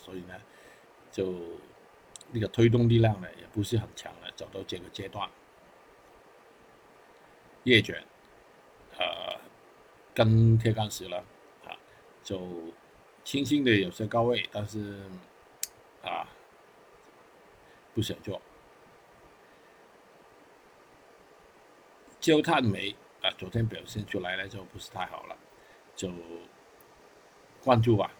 所以呢，就那個推動力量呢，也不是很強了，走到這個階段，頁卷、呃跟鐵礦，啊，跟鐵礦石了啊，就輕輕的有些高位，但是，啊，不想做。焦炭煤啊，昨天表現出來呢就不是太好了，就關注吧、啊。